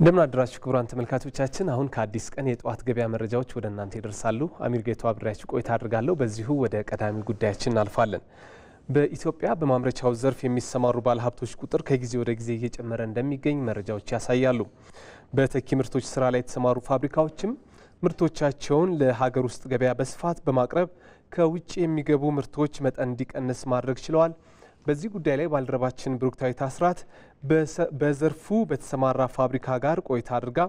እንደምን አድራችሁ ክቡራን ተመልካቾቻችን። አሁን ከአዲስ ቀን የጠዋት ገበያ መረጃዎች ወደ እናንተ ይደርሳሉ። አሚር ጌቶ አብሬያችሁ ቆይታ አድርጋለሁ። በዚሁ ወደ ቀዳሚ ጉዳያችን እናልፋለን። በኢትዮጵያ በማምረቻው ዘርፍ የሚሰማሩ ባለሀብቶች ቁጥር ከጊዜ ወደ ጊዜ እየጨመረ እንደሚገኝ መረጃዎች ያሳያሉ። በተኪ ምርቶች ስራ ላይ የተሰማሩ ፋብሪካዎችም ምርቶቻቸውን ለሀገር ውስጥ ገበያ በስፋት በማቅረብ ከውጭ የሚገቡ ምርቶች መጠን እንዲቀንስ ማድረግ ችለዋል። በዚህ ጉዳይ ላይ ባልደረባችን ብሩክታዊት አስራት በዘርፉ በተሰማራ ፋብሪካ ጋር ቆይታ አድርጋ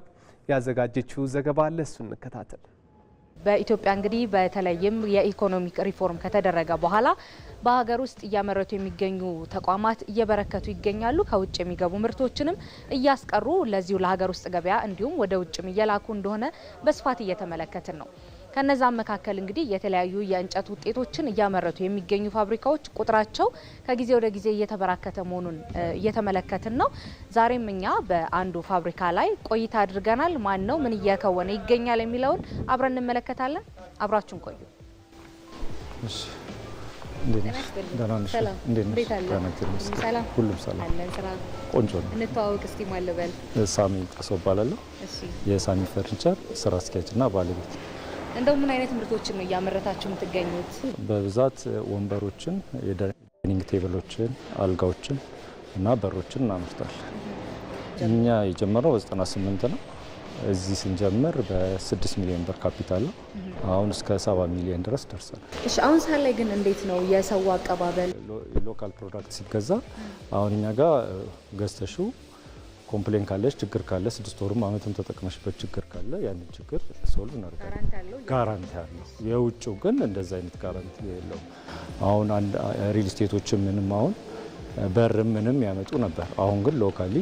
ያዘጋጀችው ዘገባ አለ። እንከታተል። በኢትዮጵያ እንግዲህ በተለይም የኢኮኖሚክ ሪፎርም ከተደረገ በኋላ በሀገር ውስጥ እያመረቱ የሚገኙ ተቋማት እየበረከቱ ይገኛሉ። ከውጭ የሚገቡ ምርቶችንም እያስቀሩ ለዚሁ ለሀገር ውስጥ ገበያ እንዲሁም ወደ ውጭም እየላኩ እንደሆነ በስፋት እየተመለከትን ነው። ከነዛም መካከል እንግዲህ የተለያዩ የእንጨት ውጤቶችን እያመረቱ የሚገኙ ፋብሪካዎች ቁጥራቸው ከጊዜ ወደ ጊዜ እየተበራከተ መሆኑን እየተመለከትን ነው። ዛሬም እኛ በአንዱ ፋብሪካ ላይ ቆይታ አድርገናል። ማን ነው ምን እየከወነ ይገኛል የሚለውን አብረን እንመለከታለን። አብራችሁን ቆዩ። እንተዋወቅ እስኪ ማለበል ሳሚ ጣሰው እባላለሁ። የሳሚ ፈርኒቸር ስራ አስኪያጅ እና ባለቤት እንደው ምን አይነት ምርቶችን ነው እያመረታችሁ የምትገኙት? በብዛት ወንበሮችን፣ የዳይኒንግ ቴብሎችን፣ አልጋዎችን እና በሮችን እናመርታለን። እኛ የጀመረው በ98 ነው። እዚህ ስንጀምር በ6 ሚሊዮን ብር ካፒታል ነው። አሁን እስከ 7 ሚሊዮን ድረስ ደርሰናል። እሺ፣ አሁን ሳ ላይ ግን እንዴት ነው የሰው አቀባበል? ሎካል ፕሮዳክት ሲገዛ አሁን እኛ ጋር ገዝተሽው ኮምፕሌን ካለች ችግር ካለ ስድስት ወርም አመትም ተጠቅመሽበት ችግር ካለ ያንን ችግር ሶልቭ እናደርጋለን። ጋራንቲ አለው። የውጭው ግን እንደዚ አይነት ጋራንቲ የለውም። አሁን ሪል ስቴቶች ምንም አሁን በር ምንም ያመጡ ነበር። አሁን ግን ሎካሊ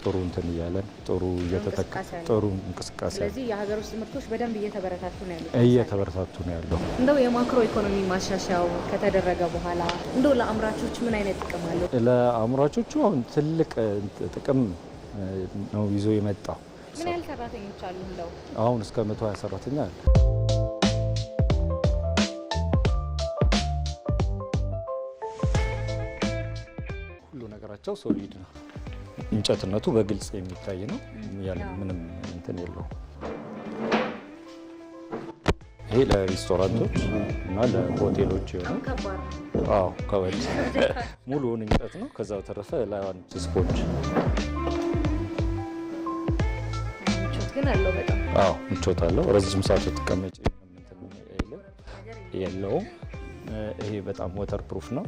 ጥሩ እንትን እያለን ጥሩ እየተጠቀ ጥሩ እንቅስቃሴ። ስለዚህ የሀገር ውስጥ ምርቶች በደንብ እየተበረታቱ ነው ያሉት እየተበረታቱ ነው ያለው። እንደው የማክሮ ኢኮኖሚ ማሻሻያው ከተደረገ በኋላ እንደው ለአምራቾች ምን አይነት ጥቅም አለው? ለአምራቾቹ አሁን ትልቅ ጥቅም ነው ይዞ የመጣው። ምን ያህል ሰራተኞች አሉ? እንደው አሁን እስከ 120 ሰራተኛ አለ። ሁሉ ነገራቸው ሶሊድ ነው። እንጨትነቱ በግልጽ የሚታይ ነው። ያለ ምንም እንትን የለው። ይሄ ለሬስቶራንቶች እና ለሆቴሎች የሆነ አዎ፣ ከበድ ሙሉውን እንጨት ነው። ከዛ በተረፈ ላይዋን ስፖንጅ ግን አለው በጣም አዎ፣ ምቾት አለው። ረዥም ሰዓት ተቀመጭ የለውም። ይሄ በጣም ወተር ፕሩፍ ነው።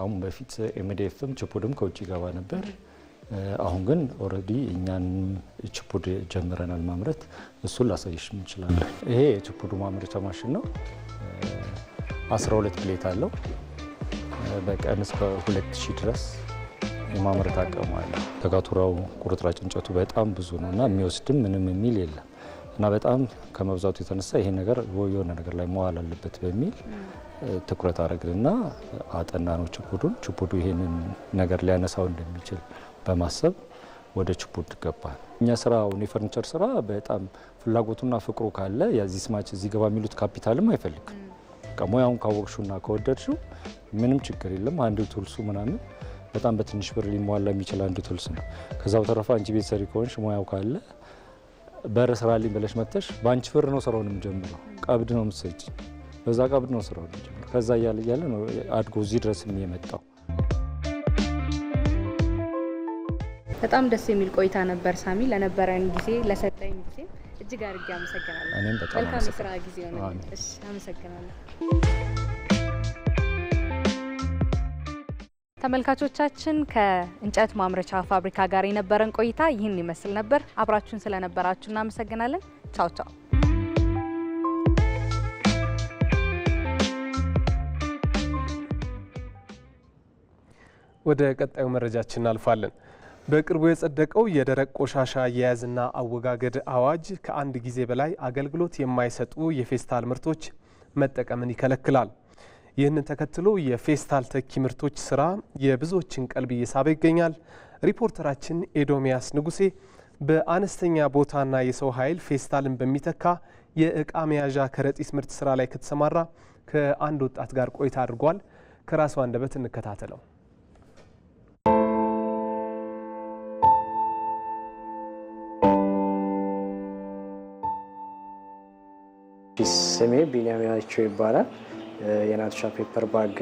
አሁን በፊት ኤምዲኤፍም ችፑድም ከውጭ ይገባ ነበር። አሁን ግን ኦልሬዲ እኛን ችፑድ ጀምረናል ማምረት። እሱን ላሳይሽ እንችላለን። ይሄ የችፑዱ ማምረቻ ማሽን ነው። 12 ፕሌት አለው። በቀን እስከ 2000 ድረስ የማምረት አቅም አለ። ተጋቱራው ቁርጥራጭ እንጨቱ በጣም ብዙ ነው እና የሚወስድም ምንም የሚል የለም እና በጣም ከመብዛቱ የተነሳ ይሄ ነገር የሆነ ነገር ላይ መዋል አለበት በሚል ትኩረት አረግንና አጠና ነው ችፑዱን ችፑዱ ይሄንን ነገር ሊያነሳው እንደሚችል በማሰብ ወደ ችፑድ ገባ። እኛ ስራውን የፈርኒቸር ስራ በጣም ፍላጎቱና ፍቅሩ ካለ የዚህ ስማች እዚህ ገባ የሚሉት ካፒታልም አይፈልግም። ሙያውን ካወቅሹና ከወደድሹ ምንም ችግር የለም። አንድ ቱልሱ ምናምን በጣም በትንሽ ብር ሊሟላ የሚችል አንድ ቱልስ ነው። ከዛው ተረፋ አንቺ ቤት ሰሪ ከሆንሽ ሙያው ካለ በር ስራልኝ ብለሽ መጥተሽ በአንቺ ብር ነው ስራውን የምጀምረው። ቀብድ ነው የምትሰጪ፣ በዛ ቀብድ ነው ስራውን የምጀምረው። ከዛ እያለ እያለ ነው አድጎ እዚህ ድረስ የመጣው። በጣም ደስ የሚል ቆይታ ነበር። ሳሚ ለነበረን ጊዜ ለሰጠኝ ጊዜ እጅግ አድርጌ አመሰግናለሁ። መልካም የስራ ጊዜ ሆነ። አመሰግናለሁ። ተመልካቾቻችን ከእንጨት ማምረቻ ፋብሪካ ጋር የነበረን ቆይታ ይህን ይመስል ነበር። አብራችሁን ስለነበራችሁ እናመሰግናለን። ቻው ቻው። ወደ ቀጣዩ መረጃችን እናልፋለን። በቅርቡ የጸደቀው የደረቅ ቆሻሻ አያያዝና አወጋገድ አዋጅ ከአንድ ጊዜ በላይ አገልግሎት የማይሰጡ የፌስታል ምርቶች መጠቀምን ይከለክላል። ይህንን ተከትሎ የፌስታል ተኪ ምርቶች ስራ የብዙዎችን ቀልብ እየሳበ ይገኛል። ሪፖርተራችን ኤዶሚያስ ንጉሴ በአነስተኛ ቦታና የሰው ኃይል ፌስታልን በሚተካ የእቃ መያዣ ከረጢት ምርት ስራ ላይ ከተሰማራ ከአንድ ወጣት ጋር ቆይታ አድርጓል። ከራሱ አንደበት እንከታተለው። ስሜ ቢንያሚያቸው ይባላል። የናቱሻ ፔፐር ባግ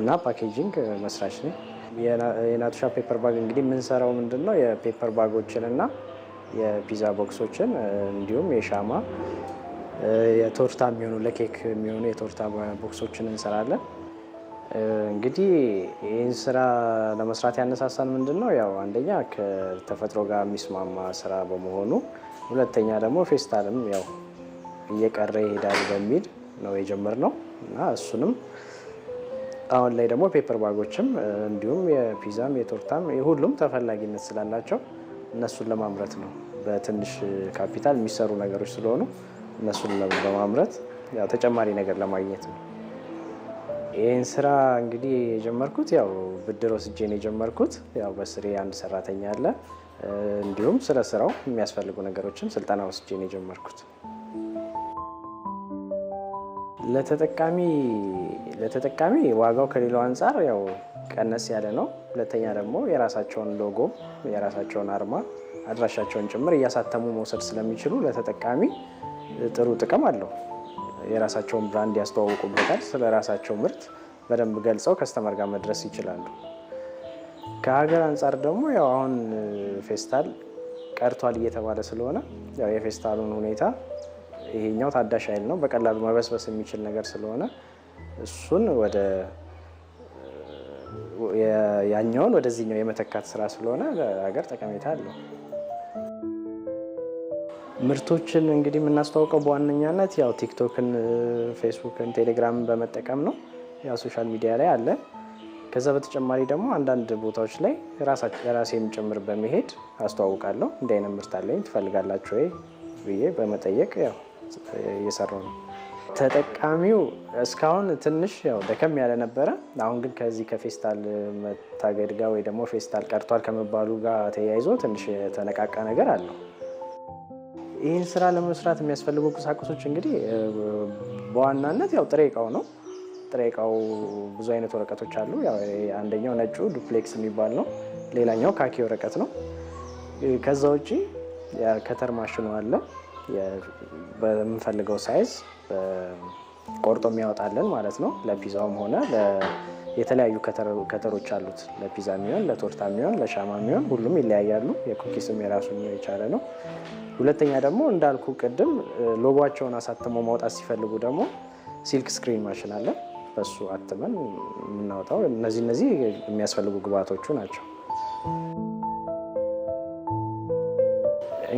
እና ፓኬጂንግ መስራች ነኝ። የናቱሻ ፔፐር ባግ እንግዲህ የምንሰራው ምንድን ነው የፔፐር ባጎችን እና የፒዛ ቦክሶችን እንዲሁም የሻማ የቶርታ የሚሆኑ ለኬክ የሚሆኑ የቶርታ ቦክሶችን እንሰራለን። እንግዲህ ይህን ስራ ለመስራት ያነሳሳን ምንድን ነው ያው አንደኛ ከተፈጥሮ ጋር የሚስማማ ስራ በመሆኑ፣ ሁለተኛ ደግሞ ፌስታልም ያው እየቀረ ይሄዳል በሚል ነው የጀመርነው እና እሱንም አሁን ላይ ደግሞ ፔፐር ባጎችም እንዲሁም የፒዛም የቶርታም የሁሉም ተፈላጊነት ስላላቸው እነሱን ለማምረት ነው። በትንሽ ካፒታል የሚሰሩ ነገሮች ስለሆኑ እነሱን በማምረት ያው ተጨማሪ ነገር ለማግኘት ነው። ይህን ስራ እንግዲህ የጀመርኩት ያው ብድር ወስጄን የጀመርኩት ያው በስሬ አንድ ሰራተኛ አለ። እንዲሁም ስለ ስራው የሚያስፈልጉ ነገሮችን ስልጠና ወስጄን የጀመርኩት ለተጠቃሚ ለተጠቃሚ ዋጋው ከሌላው አንጻር ያው ቀነስ ያለ ነው። ሁለተኛ ደግሞ የራሳቸውን ሎጎ የራሳቸውን አርማ አድራሻቸውን ጭምር እያሳተሙ መውሰድ ስለሚችሉ ለተጠቃሚ ጥሩ ጥቅም አለው። የራሳቸውን ብራንድ ያስተዋውቁበታል። ስለ ራሳቸው ምርት በደንብ ገልጸው ከስተመር ጋር መድረስ ይችላሉ። ከሀገር አንጻር ደግሞ ያው አሁን ፌስታል ቀርቷል እየተባለ ስለሆነ ያው የፌስታሉን ሁኔታ ይሄኛው ታዳሽ ኃይል ነው። በቀላሉ መበስበስ የሚችል ነገር ስለሆነ እሱን ወደ ያኛውን ወደዚህኛው የመተካት ስራ ስለሆነ ለሀገር ጠቀሜታ አለው። ምርቶችን እንግዲህ የምናስተዋውቀው በዋነኛነት ያው ቲክቶክን፣ ፌስቡክን፣ ቴሌግራምን በመጠቀም ነው። ያው ሶሻል ሚዲያ ላይ አለ። ከዛ በተጨማሪ ደግሞ አንዳንድ ቦታዎች ላይ ራሴ ጭምር በመሄድ አስተዋውቃለሁ። እንዲህ አይነት ምርት አለኝ ትፈልጋላችሁ ወይ ብዬ በመጠየቅ ያው እየሰሩ ነው። ተጠቃሚው እስካሁን ትንሽ ያው ደከም ያለ ነበረ። አሁን ግን ከዚህ ከፌስታል መታገድ ጋር ወይ ደግሞ ፌስታል ቀርቷል ከመባሉ ጋር ተያይዞ ትንሽ የተነቃቃ ነገር አለው። ይህን ስራ ለመስራት የሚያስፈልጉ ቁሳቁሶች እንግዲህ በዋናነት ያው ጥሬ እቃው ነው። ጥሬ እቃው ብዙ አይነት ወረቀቶች አሉ። አንደኛው ነጩ ዱፕሌክስ የሚባል ነው። ሌላኛው ካኪ ወረቀት ነው። ከዛ ውጭ ከተር ማሽኑ አለ። በምንፈልገው ሳይዝ ቆርጦ የሚያወጣልን ማለት ነው። ለፒዛውም ሆነ የተለያዩ ከተሮች አሉት። ለፒዛ የሚሆን ለቶርታ የሚሆን ለሻማ የሚሆን ሁሉም ይለያያሉ። የኩኪስም የራሱ የቻለ ነው። ሁለተኛ ደግሞ እንዳልኩ ቅድም ሎጓቸውን አሳትሞ ማውጣት ሲፈልጉ ደግሞ ሲልክ ስክሪን ማሽን አለ። በሱ አትመን የምናወጣው እነዚህ እነዚህ የሚያስፈልጉ ግብዓቶቹ ናቸው።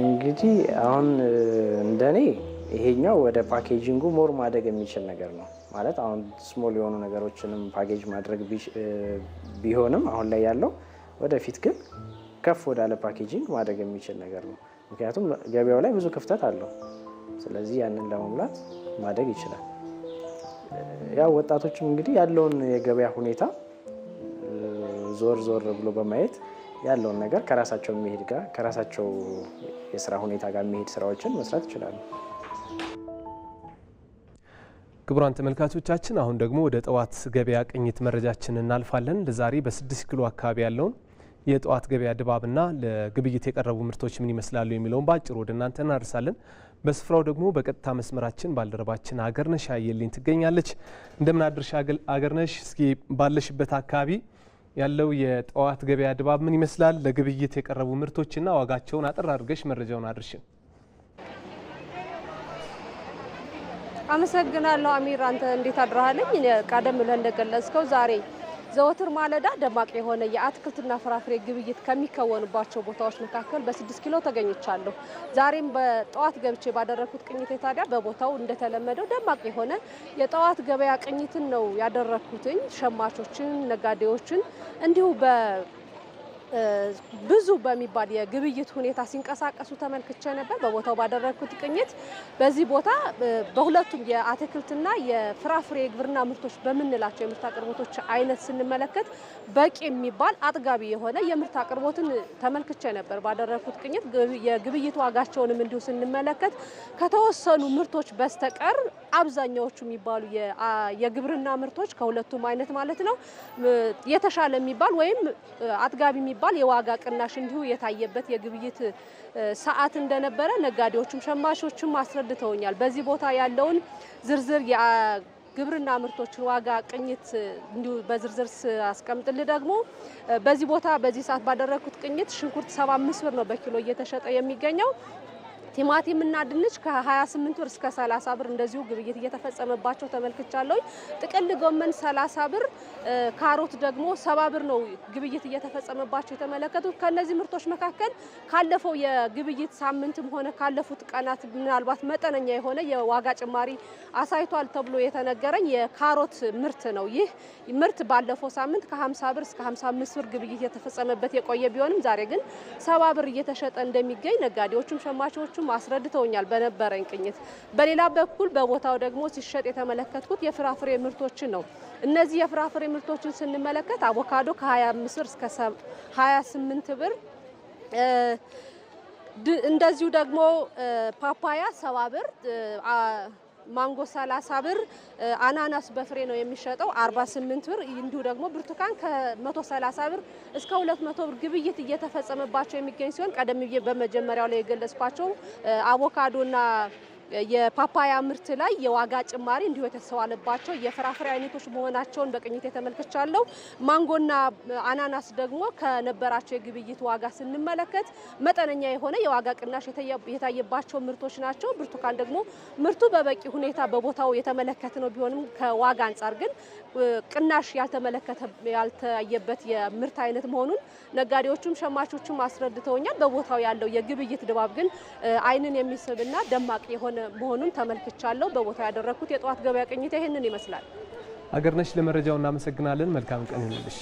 እንግዲህ አሁን እንደኔ ይሄኛው ወደ ፓኬጂንጉ ሞር ማደግ የሚችል ነገር ነው ማለት አሁን ስሞል የሆኑ ነገሮችንም ፓኬጅ ማድረግ ቢሆንም አሁን ላይ ያለው ወደፊት ግን ከፍ ወዳለ ፓኬጂንግ ማደግ የሚችል ነገር ነው። ምክንያቱም ገበያው ላይ ብዙ ክፍተት አለው። ስለዚህ ያንን ለመሙላት ማደግ ይችላል። ያው ወጣቶችም እንግዲህ ያለውን የገበያ ሁኔታ ዞር ዞር ብሎ በማየት ያለውን ነገር ከራሳቸው የሚሄድ ጋር ከራሳቸው የስራ ሁኔታ ጋር የሚሄድ ስራዎችን መስራት ይችላሉ። ክቡራን ተመልካቾቻችን አሁን ደግሞ ወደ ጠዋት ገበያ ቅኝት መረጃችን እናልፋለን። ለዛሬ በስድስት ኪሎ አካባቢ ያለውን የጠዋት ገበያ ድባብና ለግብይት የቀረቡ ምርቶች ምን ይመስላሉ የሚለውን በአጭሩ ወደ እናንተ እናደርሳለን። በስፍራው ደግሞ በቀጥታ መስመራችን ባልደረባችን አገርነሽ አየልኝ ትገኛለች። እንደምን አድርሽ አገርነሽ? እስኪ ባለሽበት አካባቢ ያለው የጠዋት ገበያ ድባብ ምን ይመስላል? ለግብይት የቀረቡ ምርቶችና ዋጋቸውን አጠር አድርገሽ መረጃውን አድርሽን። አመሰግናለሁ አሚር። አንተ እንዴት አድረሃለኝ? ቀደም ብለህ እንደገለጽከው ዛሬ ዘወትር ማለዳ ደማቅ የሆነ የአትክልትና ፍራፍሬ ግብይት ከሚከወንባቸው ቦታዎች መካከል በስድስት ኪሎ ተገኝቻለሁ። ዛሬም በጠዋት ገብቼ ባደረግኩት ቅኝቴ ታዲያ በቦታው እንደተለመደው ደማቅ የሆነ የጠዋት ገበያ ቅኝትን ነው ያደረግኩትኝ። ሸማቾችን፣ ነጋዴዎችን እንዲሁ ብዙ በሚባል የግብይት ሁኔታ ሲንቀሳቀሱ ተመልክቼ ነበር በቦታው ባደረግኩት ቅኝት። በዚህ ቦታ በሁለቱም የአትክልትና የፍራፍሬ የግብርና ምርቶች በምንላቸው የምርት አቅርቦቶች አይነት ስንመለከት በቂ የሚባል አጥጋቢ የሆነ የምርት አቅርቦትን ተመልክቼ ነበር ባደረግኩት ቅኝት። የግብይት ዋጋቸውንም እንዲሁ ስንመለከት ከተወሰኑ ምርቶች በስተቀር አብዛኛዎቹ የሚባሉ የግብርና ምርቶች ከሁለቱም አይነት ማለት ነው የተሻለ የሚባል ወይም አጥጋቢ የሚባል ተጠናቋል። የዋጋ ቅናሽ እንዲሁ የታየበት የግብይት ሰዓት እንደነበረ ነጋዴዎችም ሸማቾችም አስረድተውኛል። በዚህ ቦታ ያለውን ዝርዝር ግብርና ምርቶችን ዋጋ ቅኝት እንዲሁ በዝርዝር አስቀምጥልህ። ደግሞ በዚህ ቦታ በዚህ ሰዓት ባደረግኩት ቅኝት ሽንኩርት 75 ብር ነው በኪሎ እየተሸጠ የሚገኘው። ቲማቲም እና ድንች ከ28 ብር እስከ 30 ብር እንደዚሁ ግብይት እየተፈጸመባቸው ተመልክቻለሁ። ጥቅል ጎመን 30 ብር፣ ካሮት ደግሞ 70 ብር ነው ግብይት እየተፈጸመባቸው የተመለከቱት። ከነዚህ ምርቶች መካከል ካለፈው የግብይት ሳምንትም ሆነ ካለፉት ቀናት ምናልባት መጠነኛ የሆነ የዋጋ ጭማሪ አሳይቷል ተብሎ የተነገረኝ የካሮት ምርት ነው። ይህ ምርት ባለፈው ሳምንት ከ50 ብር እስከ 55 ብር ግብይት የተፈጸመበት የቆየ ቢሆንም ዛሬ ግን 70 ብር እየተሸጠ እንደሚገኝ ነጋዴዎቹም ሸማቾቹም ምክንያቱም አስረድተውኛል በነበረኝ ቅኝት። በሌላ በኩል በቦታው ደግሞ ሲሸጥ የተመለከትኩት የፍራፍሬ ምርቶችን ነው። እነዚህ የፍራፍሬ ምርቶችን ስንመለከት አቮካዶ ከ25 ብር እስከ 28 ብር እንደዚሁ ደግሞ ፓፓያ ሰባ ብር ማንጎ 30 ብር፣ አናናስ በፍሬ ነው የሚሸጠው 48 ብር። እንዲሁ ደግሞ ብርቱካን ከ130 ብር እስከ 200 ብር ግብይት እየተፈጸመባቸው የሚገኝ ሲሆን ቀደም ብዬ በመጀመሪያው ላይ የገለጽኳቸው አቮካዶና የፓፓያ ምርት ላይ የዋጋ ጭማሪ እንዲሁ የተሰዋለባቸው የፍራፍሬ አይነቶች መሆናቸውን በቅኝት የተመልክቻለሁ። ማንጎና አናናስ ደግሞ ከነበራቸው የግብይት ዋጋ ስንመለከት መጠነኛ የሆነ የዋጋ ቅናሽ የታየባቸው ምርቶች ናቸው። ብርቱካን ደግሞ ምርቱ በበቂ ሁኔታ በቦታው የተመለከት ነው። ቢሆንም ከዋጋ አንጻር ግን ቅናሽ ያልተመለከተ ያልተያየበት የምርት አይነት መሆኑን ነጋዴዎቹም ሸማቾቹም አስረድተውኛል። በቦታው ያለው የግብይት ድባብ ግን አይንን የሚስብና ደማቅ የሆነ የሆነ መሆኑን ተመልክቻለሁ። በቦታው ያደረግኩት የጠዋት ገበያ ቅኝት ይህንን ይመስላል። አገርነሽ ለመረጃው እናመሰግናለን። መልካም ቀን ይሁንልሽ።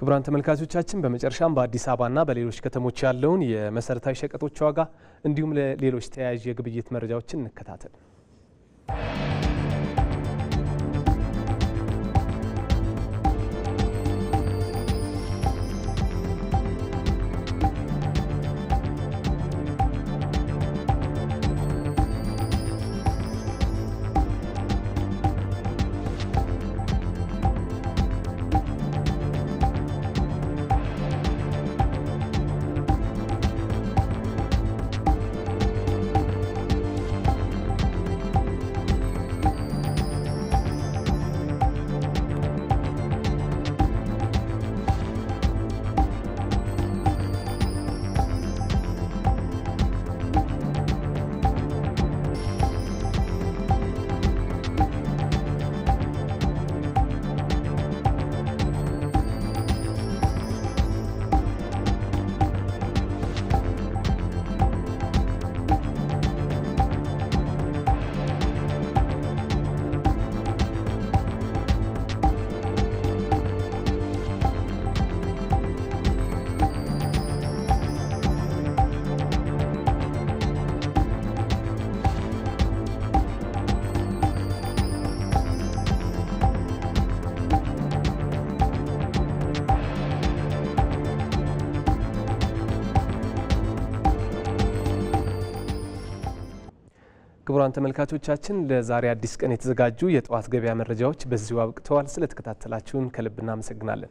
ክቡራን ተመልካቾቻችን በመጨረሻም በአዲስ አበባና በሌሎች ከተሞች ያለውን የመሰረታዊ ሸቀጦች ዋጋ እንዲሁም ለሌሎች ተያያዥ የግብይት መረጃዎችን እንከታተል። ክቡራን ተመልካቾቻችን ለዛሬ አዲስ ቀን የተዘጋጁ የጠዋት ገበያ መረጃዎች በዚሁ አብቅተዋል። ስለተከታተላችሁን ከልብ እናመሰግናለን።